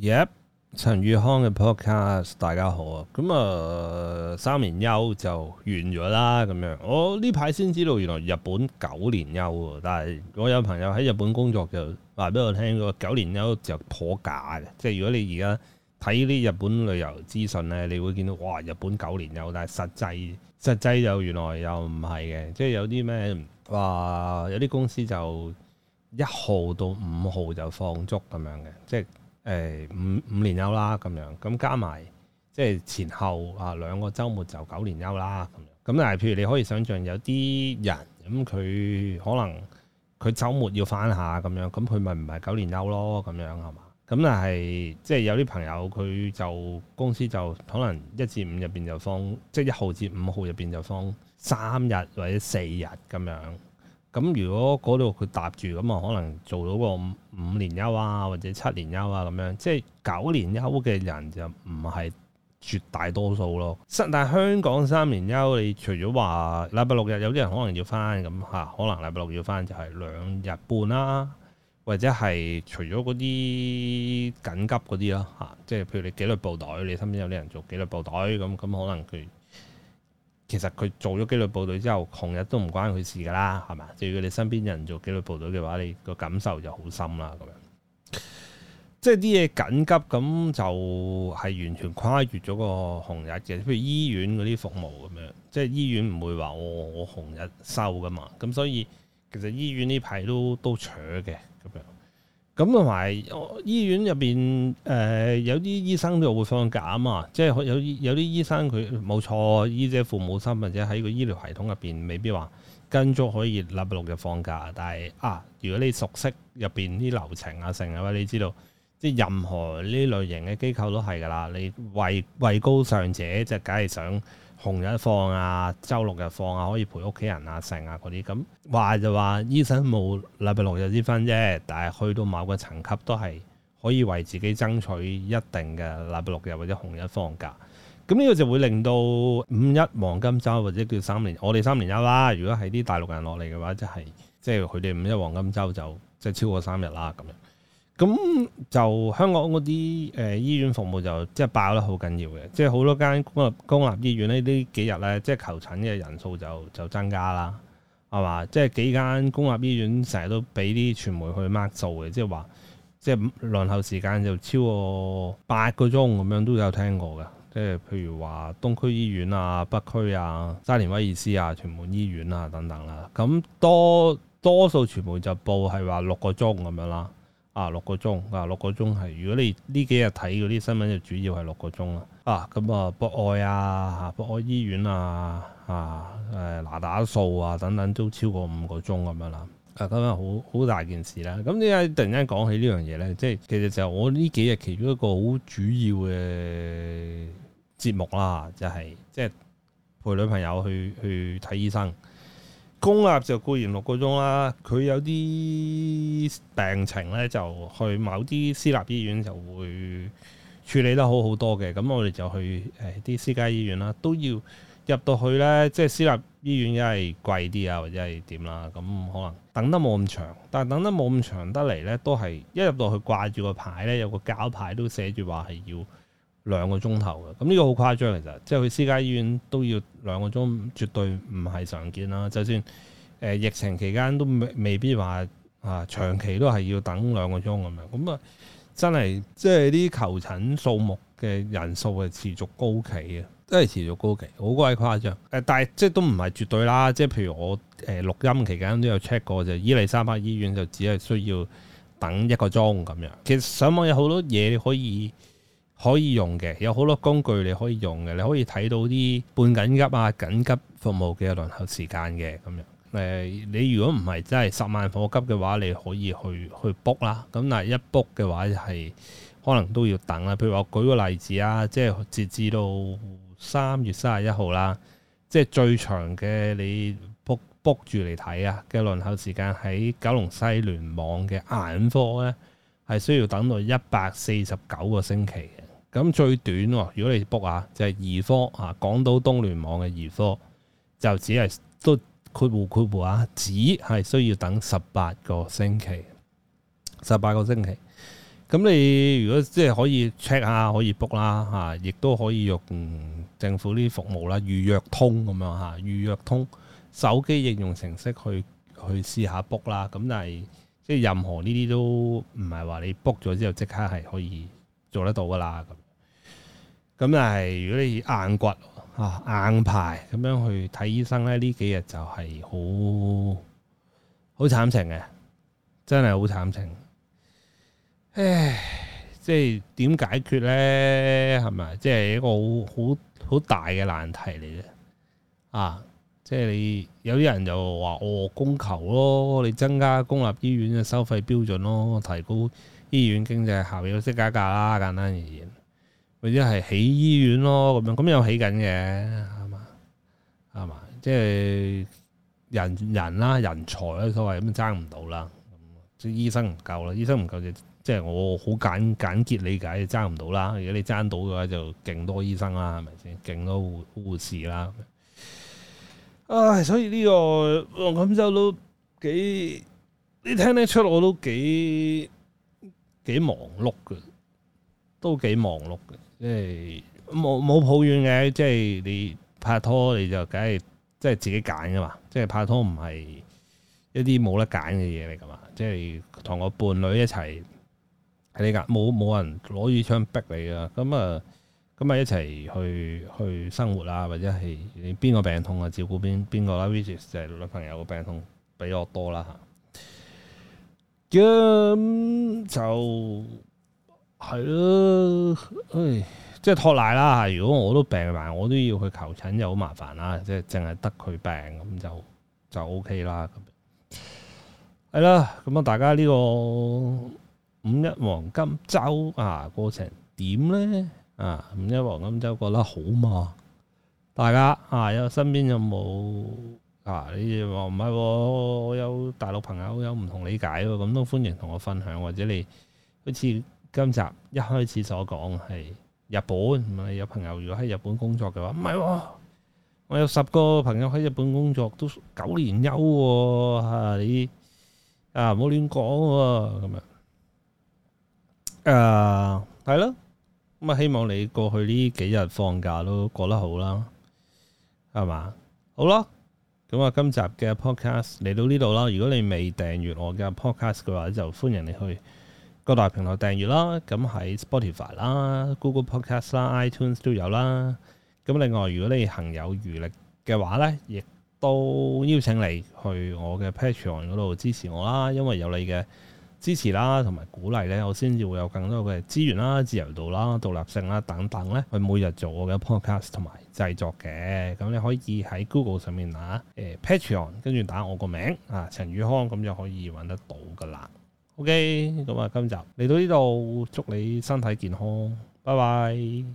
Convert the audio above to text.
Yep，陳宇康嘅 podcast，大家好啊！咁啊、呃，三連休就完咗啦咁樣。我呢排先知道，原來日本九連休。但係我有朋友喺日本工作就話俾我聽，個九連休就頗假嘅。即係如果你而家睇啲日本旅遊資訊咧，你會見到哇，日本九連休。但係實際實際又原來又唔係嘅。即係有啲咩話，有啲公司就一號到五號就放足咁樣嘅，即係。誒、哎、五五連休啦咁樣，咁加埋即係前後啊兩個週末就九連休啦咁樣。咁但係譬如你可以想象有啲人咁佢、嗯、可能佢週末要翻下咁樣，咁佢咪唔係九連休咯咁樣係嘛？咁但係即係有啲朋友佢就公司就可能一至五入邊就放，即係一號至五號入邊就放三日或者四日咁樣。咁如果嗰度佢搭住，咁啊可能做到個五年休啊，或者七年休啊咁樣，即係九年休嘅人就唔係絕大多數咯。但係香港三年休，你除咗話禮拜六日有啲人可能要返咁吓，可能禮拜六要返就係兩日半啦、啊，或者係除咗嗰啲緊急嗰啲咯吓，即係譬如你紀律部隊，你身邊有啲人做紀律部隊，咁、嗯，咁、嗯、可能佢。其實佢做咗紀律部隊之後，紅日都唔關佢事噶啦，係嘛？即係如果你身邊人做紀律部隊嘅話，你個感受就好深啦，咁樣。即係啲嘢緊急咁，就係完全跨越咗個紅日嘅。譬如醫院嗰啲服務咁樣，即係醫院唔會話、oh, 我我紅日收噶嘛。咁所以其實醫院呢排都都扯嘅咁樣。咁同埋醫院入邊，誒、呃、有啲醫生都會放假啊嘛，即係有有啲醫生佢冇錯，醫者父母心或者喺個醫療系統入邊，未必話跟足可以禮拜六日放假。但係啊，如果你熟悉入邊啲流程啊，成啊，或你知道，即係任何呢類型嘅機構都係噶啦，你位位高上者就梗係想。紅日放啊，周六日放啊，可以陪屋企人啊、剩啊嗰啲。咁話就話醫生冇禮拜六日之分啫，但係去到某個層級都係可以為自己爭取一定嘅禮拜六日或者紅日放假。咁呢個就會令到五一黃金周，或者叫三年，我哋三連休啦。如果係啲大陸人落嚟嘅話，即係即係佢哋五一黃金周就即係、就是、超過三日啦咁樣。咁就香港嗰啲誒醫院服務就即係爆得好緊要嘅。即係好多間公立公立醫院呢呢幾日咧即係求診嘅人數就就增加啦，係嘛？即係幾間公立醫院成日都俾啲傳媒去 mark 數嘅，即係話，即係輪候時間就超過八個鐘咁樣都有聽過嘅。即係譬如話東區醫院啊、北區啊、沙田威爾斯啊、屯門醫院啊等等啦、啊。咁多多數傳媒就報係話六個鐘咁樣啦。啊，六個鐘啊，六個鐘係，如果你呢幾日睇嗰啲新聞就主要係六個鐘啦。啊咁，啊博愛，啊博愛醫院啊，啊誒、啊、那打素啊等等都超過五個鐘咁樣啦，啊咁，啊好好大件事啦。咁呢家突然間講起呢樣嘢咧，即係其實就我呢幾日其中一個好主要嘅節目啦，就係即係陪女朋友去去睇醫生。公立就固然六個鐘啦，佢有啲病情咧就去某啲私立醫院就會處理得好好多嘅。咁我哋就去誒啲私家醫院啦，都要入到去咧，即係私立醫院梗係貴啲啊，或者係點啦。咁可能等得冇咁長，但係等得冇咁長得嚟咧，都係一入到去掛住個牌咧，有個膠牌都寫住話係要。兩個鐘頭嘅，咁、這、呢個好誇張其實，即係去私家醫院都要兩個鐘，絕對唔係常見啦。就算誒、呃、疫情期間都未未必話啊，長期都係要等兩個鐘咁樣。咁、嗯、啊，真係即係啲求診數目嘅人數係持續高企嘅，真係持續高企，好鬼誇張。誒、呃，但係即係都唔係絕對啦。即係譬如我誒錄、呃、音期間都有 check 過，就伊利沙伯醫院就只係需要等一個鐘咁樣。其實上網上有好多嘢你可以。可以用嘅有好多工具你可以用嘅，你可以睇到啲半緊急啊，緊急服務嘅輪候時間嘅咁樣誒，你如果唔係真係十萬火急嘅話，你可以去去 book 啦。咁但係一 book 嘅話，係可能都要等啊。譬如話，我舉個例子啊，即係截至到三月三十一號啦，即係最長嘅你 book book 住嚟睇啊嘅輪候時間喺九龍西聯網嘅眼科咧，係需要等到一百四十九個星期嘅。咁最短，如果你 book 啊，就係兒科啊，港島東聯網嘅兒科就只係都括弧括弧啊，只係需要等十八個星期，十八個星期。咁你如果即係可以 check 下，可以 book 啦嚇，亦、啊、都可以用政府啲服務啦，預約通咁樣嚇、啊，預約通手機應用程式去去試下 book 啦。咁、啊、但係即係任何呢啲都唔係話你 book 咗之後即刻係可以做得到噶啦。咁但係，如果你硬骨啊硬排咁樣去睇醫生咧，呢幾日就係好好慘情嘅，真係好慘情。唉，即係點解決咧？係咪？即係一個好好好大嘅難題嚟嘅。啊，即係你有啲人就話我、哦、供求咯，你增加公立醫院嘅收費標準咯，提高醫院經濟效益，即加價啦，簡單而言。 或者係起醫院咯，咁樣咁又起緊嘅，係嘛係嘛，即係、就是、人人啦，人才啊，所謂咁爭唔到啦。即、就、係、是、醫生唔夠啦，醫生唔夠就即、是、係我好簡簡潔理解，爭唔到啦。如果你爭到嘅話，就勁多醫生啦，係咪先？勁多護護士啦。啊，所以呢、這個我感受都幾，你聽得出我都幾幾忙碌嘅，都幾忙碌嘅。即係冇冇抱怨嘅，即係你拍拖你就梗係即係自己揀噶嘛即係拍拖唔係一啲冇得揀嘅嘢嚟噶嘛即係同個伴侶一齊係你噶冇冇人攞住槍逼你啊！咁啊，咁啊一齊去去生活啦，或者係你邊個病痛啊，照顧邊邊個啦？Vicky 就係、是、女朋友個病痛比較多啦吓，咁就。係咯，即係托賴啦。如果我都病埋，我都要去求診就好麻煩啦。即係淨係得佢病咁就就 OK 啦。咁係啦，咁啊，大家呢個五一黃金周啊，過程點呢？啊，五一黃金周過得好嘛？大家啊，身邊有身邊有冇啊？你話唔係我有大陸朋友有唔同理解喎，咁都歡迎同我分享，或者你好似。今集一開始所講係日本，咁啊有朋友如果喺日本工作嘅話，唔係喎，我有十個朋友喺日本工作都九連休喎，啊啊，你啊唔好亂講喎咁樣，誒係咯，咁啊希望你過去呢幾日放假都過得好啦，係嘛？好啦，咁啊今集嘅 podcast 嚟到呢度啦，如果你未訂閱我嘅 podcast 嘅話，就歡迎你去。各大平台訂閱啦，咁喺 Spotify 啦、Google Podcast 啦、iTunes 都有啦。咁另外，如果你行有餘力嘅話咧，亦都邀請你去我嘅 Patreon 度支持我啦。因為有你嘅支持啦，同埋鼓勵咧，我先至會有更多嘅資源啦、自由度啦、獨立性啦等等咧，去每日做我嘅 Podcast 同埋製作嘅。咁你可以喺 Google 上面啊誒、呃、Patreon 跟住打我個名啊陳宇康，咁就可以揾得到噶啦。OK，咁啊，今集嚟到呢度，祝你身體健康，拜拜。